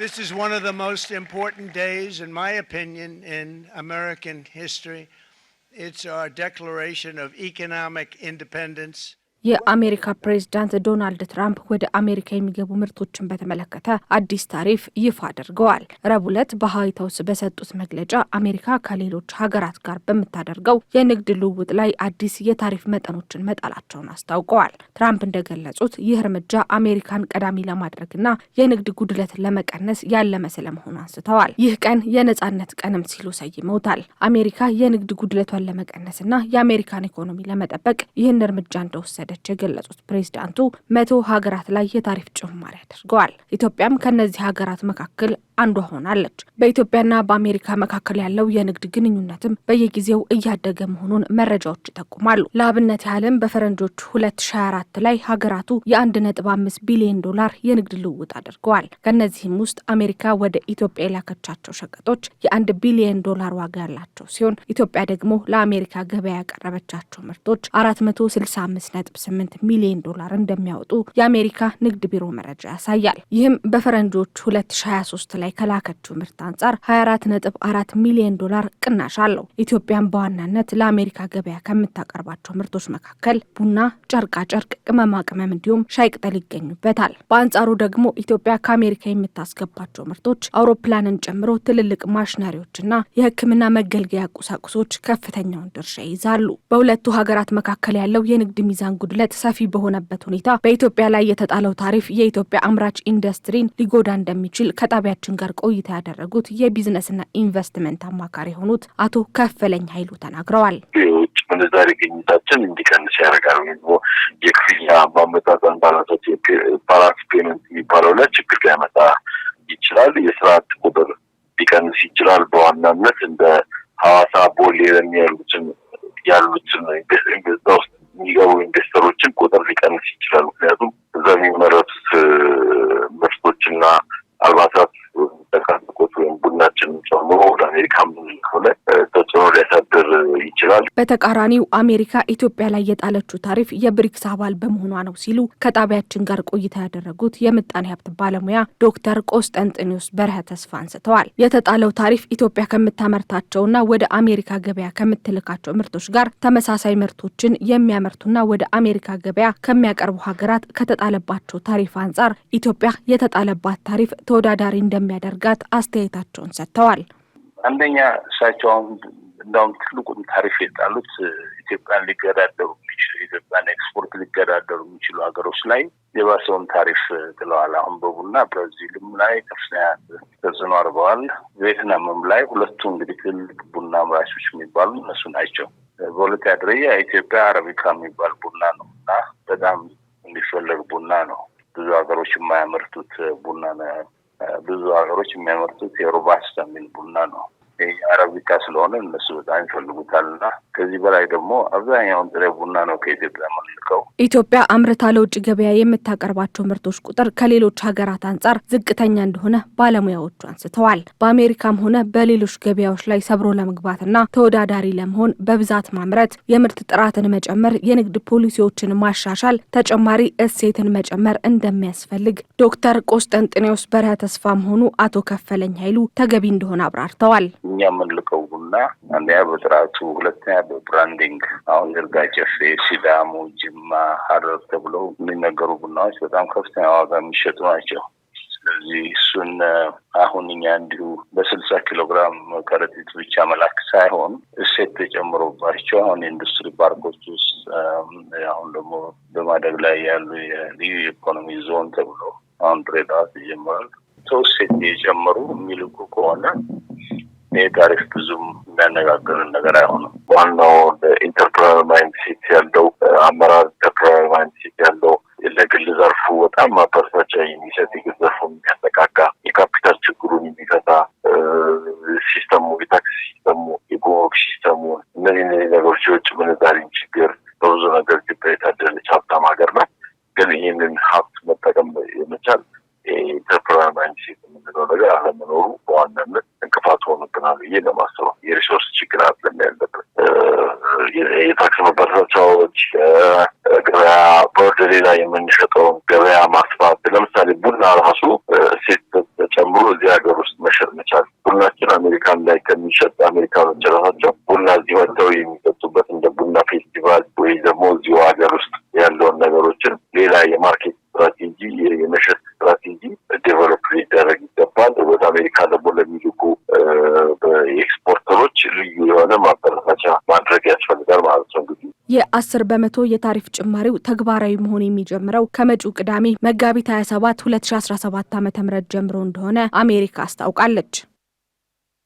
This is one of the most important days, in my opinion, in American history. It's our Declaration of Economic Independence. የአሜሪካ ፕሬዚዳንት ዶናልድ ትራምፕ ወደ አሜሪካ የሚገቡ ምርቶችን በተመለከተ አዲስ ታሪፍ ይፋ አድርገዋል። ረቡዕ ዕለት በዋይት ሀውስ በሰጡት መግለጫ አሜሪካ ከሌሎች ሀገራት ጋር በምታደርገው የንግድ ልውውጥ ላይ አዲስ የታሪፍ መጠኖችን መጣላቸውን አስታውቀዋል። ትራምፕ እንደገለጹት ይህ እርምጃ አሜሪካን ቀዳሚ ለማድረግና የንግድ ጉድለትን ለመቀነስ ያለመ ስለመሆኑን አንስተዋል። ይህ ቀን የነጻነት ቀንም ሲሉ ሰይመውታል። አሜሪካ የንግድ ጉድለቷን ለመቀነስና የአሜሪካን ኢኮኖሚ ለመጠበቅ ይህን እርምጃ እንደወሰደ እንደወሰደች የገለጹት ፕሬዚዳንቱ መቶ ሀገራት ላይ የታሪፍ ጭማሪ አድርገዋል። ኢትዮጵያም ከእነዚህ ሀገራት መካከል አንዷ ሆናለች። በኢትዮጵያና በአሜሪካ መካከል ያለው የንግድ ግንኙነትም በየጊዜው እያደገ መሆኑን መረጃዎች ይጠቁማሉ። ለአብነት ያህልም በፈረንጆች 2024 ላይ ሀገራቱ የ አምስት ቢሊዮን ዶላር የንግድ ልውውጥ አድርገዋል። ከእነዚህም ውስጥ አሜሪካ ወደ ኢትዮጵያ የላከቻቸው ሸቀጦች የአንድ ቢሊዮን ዶላር ዋጋ ያላቸው ሲሆን ኢትዮጵያ ደግሞ ለአሜሪካ ገበያ ያቀረበቻቸው ምርቶች 465 1.8 ሚሊዮን ዶላር እንደሚያወጡ የአሜሪካ ንግድ ቢሮ መረጃ ያሳያል። ይህም በፈረንጆች 2023 ላይ ከላከችው ምርት አንጻር 24.4 ሚሊዮን ዶላር ቅናሽ አለው። ኢትዮጵያን በዋናነት ለአሜሪካ ገበያ ከምታቀርባቸው ምርቶች መካከል ቡና፣ ጨርቃጨርቅ፣ ቅመማ ቅመም እንዲሁም ሻይ ቅጠል ይገኙበታል። በአንጻሩ ደግሞ ኢትዮጵያ ከአሜሪካ የምታስገባቸው ምርቶች አውሮፕላንን ጨምሮ ትልልቅ ማሽነሪዎችና የሕክምና መገልገያ ቁሳቁሶች ከፍተኛውን ድርሻ ይዛሉ። በሁለቱ ሀገራት መካከል ያለው የንግድ ሚዛን ጉድለት ሰፊ በሆነበት ሁኔታ በኢትዮጵያ ላይ የተጣለው ታሪፍ የኢትዮጵያ አምራች ኢንዱስትሪን ሊጎዳ እንደሚችል ከጣቢያችን ጋር ቆይታ ያደረጉት የቢዝነስና ኢንቨስትመንት አማካሪ የሆኑት አቶ ከፈለኝ ኃይሉ ተናግረዋል። የውጭ ምንዛሬ ግኝታችን እንዲቀንስ ያደርጋል። ወይም የክፍያ በአመጣጣን ባላንስ ፔመንት የሚባለው ላይ ችግር ሊያመጣ ይችላል። የስርዓት ቁጥር ሊቀንስ ይችላል። በዋናነት እንደ ሐዋሳ ቦሌ ያሉትን ያሉትን በዛ ውስጥ የሚገቡ ኢንዱስትሪ ዶክተሮችን ቁጥር ሊቀንስ ይችላል። ምክንያቱም ይችላል። በተቃራኒው አሜሪካ ኢትዮጵያ ላይ የጣለችው ታሪፍ የብሪክስ አባል በመሆኗ ነው ሲሉ ከጣቢያችን ጋር ቆይታ ያደረጉት የምጣኔ ሀብት ባለሙያ ዶክተር ቆስጠንጢኖስ በረሀ ተስፋ አንስተዋል። የተጣለው ታሪፍ ኢትዮጵያ ከምታመርታቸውና ወደ አሜሪካ ገበያ ከምትልካቸው ምርቶች ጋር ተመሳሳይ ምርቶችን የሚያመርቱና ወደ አሜሪካ ገበያ ከሚያቀርቡ ሀገራት ከተጣለባቸው ታሪፍ አንጻር ኢትዮጵያ የተጣለባት ታሪፍ ተወዳዳሪ እንደሚያደርጋት አስተያየታቸውን ሰጥተዋል። አንደኛ እሳቸው አሁን እንዳሁም ትልቁን ታሪፍ የጣሉት ኢትዮጵያን ሊገዳደሩ የሚችሉ የኢትዮጵያን ኤክስፖርት ሊገዳደሩ የሚችሉ ሀገሮች ላይ የባሰውን ታሪፍ ጥለዋል። አሁን በቡና ብራዚልም ላይ ከፍተኛ ተጽዕኖ አርበዋል። ቬትናምም ላይ ሁለቱ እንግዲህ ትልቅ ቡና አምራቾች የሚባሉ እነሱ ናቸው። በሁለተኛ ደረጃ ኢትዮጵያ አረቢካ የሚባል ቡና ነው እና በጣም የሚፈለግ ቡና ነው። ብዙ ሀገሮች የማያመርቱት ቡና ነው። ብዙ ሀገሮች የሚያመርቱት የሮባስታ የሚል ቡና ነው። የአረብ ስለሆነ እነሱ በጣም ይፈልጉታል እና ከዚህ በላይ ደግሞ አብዛኛውን ጥሬ ቡና ነው ከኢትዮጵያ የምንልከው። ኢትዮጵያ አምርታ ለውጭ ገበያ የምታቀርባቸው ምርቶች ቁጥር ከሌሎች ሀገራት አንጻር ዝቅተኛ እንደሆነ ባለሙያዎቹ አንስተዋል። በአሜሪካም ሆነ በሌሎች ገበያዎች ላይ ሰብሮ ለመግባትና ተወዳዳሪ ለመሆን በብዛት ማምረት፣ የምርት ጥራትን መጨመር፣ የንግድ ፖሊሲዎችን ማሻሻል፣ ተጨማሪ እሴትን መጨመር እንደሚያስፈልግ ዶክተር ቆስጠንጥኔዎስ በርሀ ተስፋ መሆኑ አቶ ከፈለኝ ኃይሉ ተገቢ እንደሆነ አብራርተዋል። እኛ የምንልቀው ቡና አንደኛ በጥራቱ፣ ሁለተኛ በብራንዲንግ። አሁን ዝርጋ ጨፌ፣ ሲዳሙ፣ ጅማ፣ ሀረር ተብለው የሚነገሩ ቡናዎች በጣም ከፍተኛ ዋጋ የሚሸጡ ናቸው። ስለዚህ እሱን አሁን እኛ እንዲሁ በስልሳ ኪሎ ግራም ከረጢት ብቻ መላክ ሳይሆን እሴት ተጨምሮባቸው አሁን የኢንዱስትሪ ፓርኮች ውስጥ አሁን ደግሞ በማደግ ላይ ያሉ የልዩ ኢኮኖሚ ዞን ተብሎ አሁን ድሬዳዋ ይጀምራል። ሰው እሴት የጨመሩ የሚልኩ ከሆነ ይህ ታሪክ ብዙም የሚያነጋግርን ነገር አይሆንም። ዋናው ኢንተርፕረነር ማይንድ ሴት ያለው አመራር ኢንተርፕረነር ማይንድ ሴት ያለው ለግል ዘርፉ በጣም ማበረታቻ የሚሰጥ የግል ዘርፉን የሚያነቃቃ የካፒታል ችግሩን የሚፈታ ሲስተሙ፣ የታክስ ሲስተሙ፣ የጉምሩክ ሲስተሙ እነዚህ እነዚህ ነገሮች የውጭ ምንዛሪን ችግር በብዙ ነገር ኢትዮጵያ የታደለች ሀብታም ሀገር ናት። ግን ይህንን ሀብት የታክስ ማበረታቻዎች፣ ገበያ በወርደሌ ላይ የምንሸጠውን ገበያ ማስፋት። ለምሳሌ ቡና ራሱ እሴት ተጨምሮ እዚህ ሀገር ውስጥ መሸጥ መቻል። ቡናችን አሜሪካን ላይ ከሚሸጥ አሜሪካኖች ራሳቸው ቡና እዚህ መጥተው የሚጠጡበት እንደ ቡና ፌስቲቫል ወይ ደግሞ እዚሁ ሀገር ውስጥ ያለውን ነገሮችን ሌላ የማርኬት ስትራቴጂ የመሸጥ ስትራቴጂ ዴቨሎፕ ሊደረግ ይገባል። ወደ አሜሪካ የአስር በመቶ የታሪፍ ጭማሪው ተግባራዊ መሆን የሚጀምረው ከመጪው ቅዳሜ መጋቢት 27 2017 ዓ ም ጀምሮ እንደሆነ አሜሪካ አስታውቃለች።